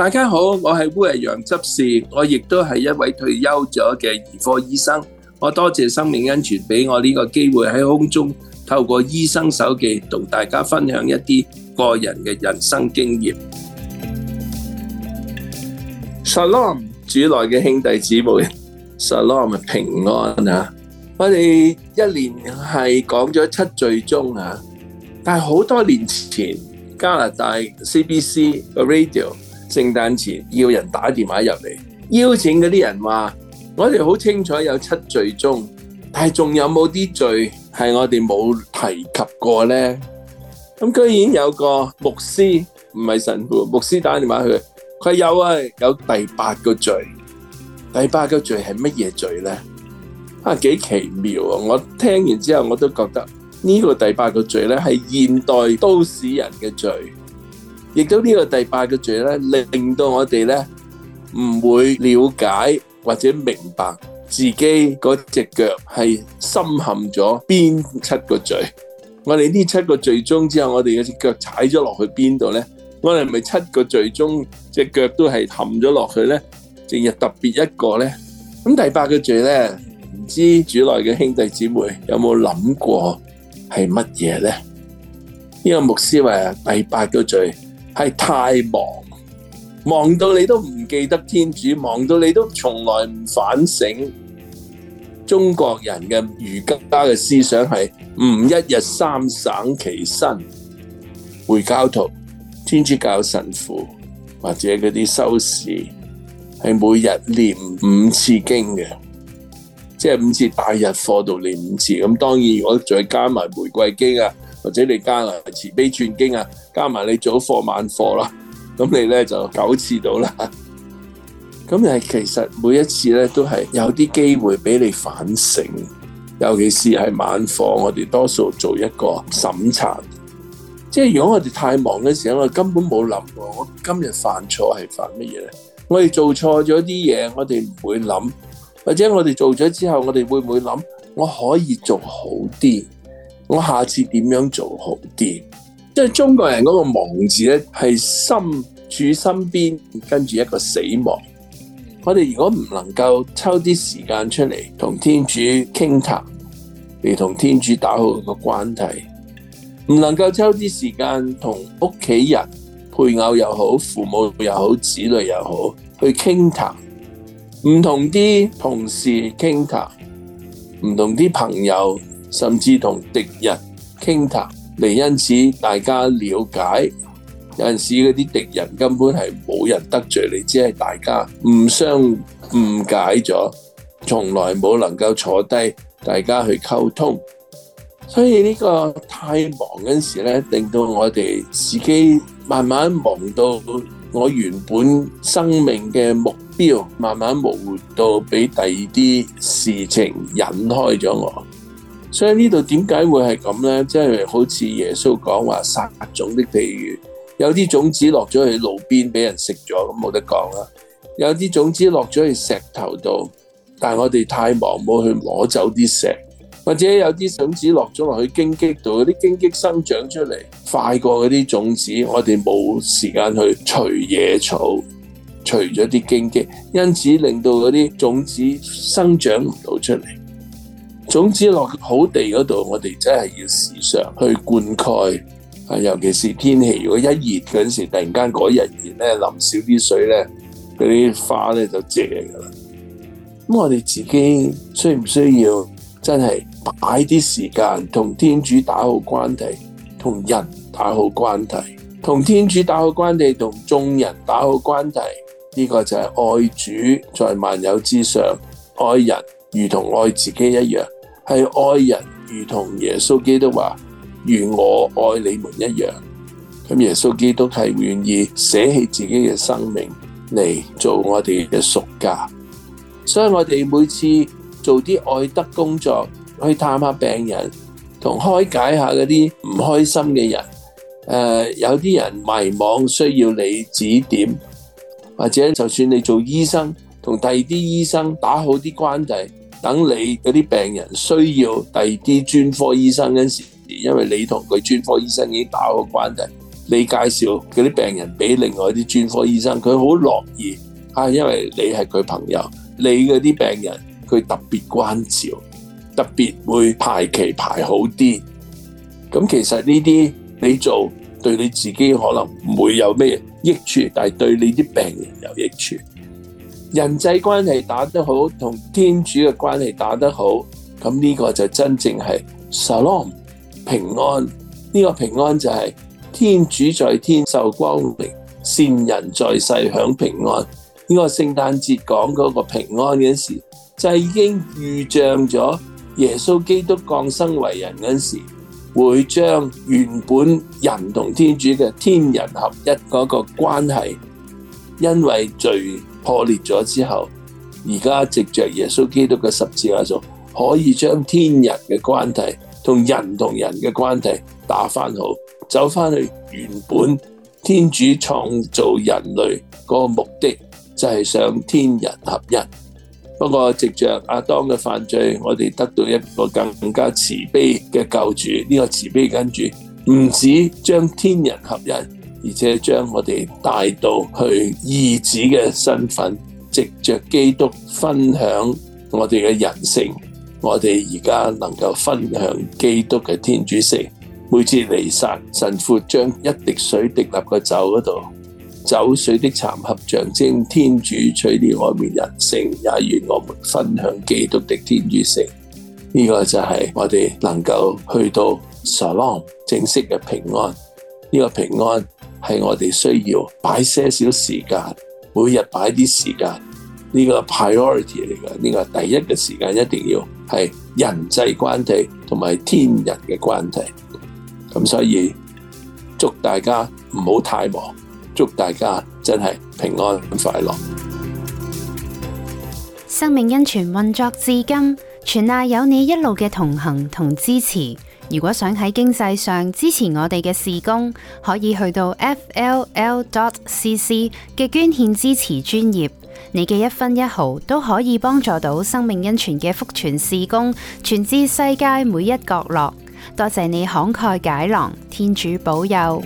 大家好，我係烏羊執事，我亦都係一位退休咗嘅兒科醫生。我多謝生命恩泉俾我呢個機會喺空中透過醫生手記同大家分享一啲個人嘅人生經驗。Salom，主內嘅兄弟姊妹，Salom 平安啊！我哋一年係講咗七罪宗啊，但係好多年前加拿大 CBC 嘅 radio。聖誕前要人打電話入嚟邀請嗰啲人話，我哋好清楚有七罪宗，但係仲有冇啲罪係我哋冇提及過呢？咁居然有個牧師唔係神父，牧師打電話去，佢有啊，有第八個罪，第八個罪係乜嘢罪呢？啊幾奇妙啊！我聽完之後我都覺得呢個第八個罪呢係現代都市人嘅罪。亦都呢個第八個罪咧，令令到我哋咧唔會了解或者明白自己嗰隻腳係深陷咗邊七個罪。我哋呢七個罪中之後，我哋嘅隻腳踩咗落去邊度咧？我哋係咪七個罪中隻腳都係陷咗落去咧？定係特別一個咧？咁第八個罪咧，唔知主內嘅兄弟姊妹有冇諗過係乜嘢咧？呢個牧師話第八個罪。係太忙，忙到你都唔記得天主，忙到你都從來唔反省。中國人嘅儒家嘅思想係唔一日三省其身。回教徒、天主教神父或者嗰啲修士係每日念五次經嘅，即係五次大日課度念五次。咁當然，我再加埋玫瑰經啊。或者你加埋慈悲轉經啊，加埋你早課晚課啦，咁你咧就九次到啦。咁係其實每一次咧都係有啲機會俾你反省，尤其是係晚課，我哋多數做一個審查。即係如果我哋太忙嘅時候，我根本冇諗過，我今日犯錯係犯乜嘢咧？我哋做錯咗啲嘢，我哋唔會諗，或者我哋做咗之後，我哋會唔會諗？我可以做好啲。我下次點樣做好啲？即係中國人嗰個忙字咧，係心處身邊跟住一個死亡。我哋如果唔能夠抽啲時間出嚟同天主傾談，嚟同天主打好一個關係，唔能夠抽啲時間同屋企人、配偶又好、父母又好、子女又好去傾談，唔同啲同事傾談，唔同啲朋友。甚至同敵人傾談，嚟因此大家瞭解，有陣時嗰啲敵人根本係冇人得罪你，只係大家互相誤解咗，從來冇能夠坐低大家去溝通。所以呢個太忙嗰陣時咧，令到我哋自己慢慢忙到我原本生命嘅目標，慢慢模糊到俾第二啲事情引開咗我，所以呢度點解會係咁呢？即係好似耶穌講話撒種的比喻，有啲種子落咗去路邊俾人食咗，咁冇得講啦。有啲種子落咗去石頭度，但係我哋太忙冇去攞走啲石，或者有啲種子落咗落去荊棘度，嗰啲荊棘生長出嚟快過嗰啲種子，我哋冇時間去除野草，除咗啲荊棘，因此令到嗰啲種子生長唔到出嚟。總之落好地嗰度，我哋真係要時常去灌溉啊！尤其是天氣如果一熱嗰陣時，突然間嗰日熱咧，淋少啲水咧，嗰啲花咧就謝噶啦。咁我哋自己需唔需要真係擺啲時間同天主打好關係，同人打好關係，同天主打好關係，同眾人打好關係？呢個就係愛主在萬有之上，愛人如同愛自己一樣。係愛人如同耶穌基督話，如我愛你們一樣。咁耶穌基督係願意捨棄自己嘅生命嚟，做我哋嘅屬家。所以我哋每次做啲愛德工作，去探下病人，同開解下嗰啲唔開心嘅人。誒，有啲人迷惘，需要你指點，或者就算你做醫生，同第二啲醫生打好啲關係。等你嗰啲病人需要第二啲專科醫生嗰陣時，因為你同佢專科醫生已經打好關係，你介紹嗰啲病人俾另外啲專科醫生，佢好樂意啊，因為你係佢朋友，你嗰啲病人佢特別關照，特別會排期排好啲。咁其實呢啲你做對你自己可能唔會有咩益處，但係對你啲病人有益處。人際關係打得好，同天主嘅關係打得好，咁呢個就真正係 shalom 平安。呢、這個平安就係天主在天受光榮，善人在世享平安。呢、這個聖誕節講嗰個平安嗰時候，就是、已經預象咗耶穌基督降生為人嗰時候，會將原本人同天主嘅天人合一嗰個關係，因為罪。破裂咗之後，而家藉着耶穌基督嘅十字架上，可以將天人嘅關係同人同人嘅關係打翻好，走翻去原本天主創造人類嗰個目的，就係想天人合一。不過藉着阿當嘅犯罪，我哋得到一個更加慈悲嘅救主。呢個慈悲跟住唔止將天人合一。而且將我哋帶到去義子嘅身份，藉着基督分享我哋嘅人性，我哋而家能夠分享基督嘅天主性。每次彌撒神父將一滴水滴入個酒嗰度，酒水的殘合象徵天主取了我哋人性，也願我們分享基督的天主性。呢、這個就係我哋能夠去到 Shalom 正式嘅平安。呢、這個平安。係我哋需要擺些少時間，每日擺啲時間，呢個係 priority 嚟㗎，呢個係第一嘅，時間一定要係人際關係同埋天人嘅關係。咁所以祝大家唔好太忙，祝大家真係平安快樂。生命恩泉運作至今，全賴有你一路嘅同行同支持。如果想喺經濟上支持我哋嘅事工，可以去到 fll.cc 嘅捐獻支持專頁，你嘅一分一毫都可以幫助到生命恩泉嘅福傳事工，傳至世界每一角落。多謝你慷慨解囊，天主保佑。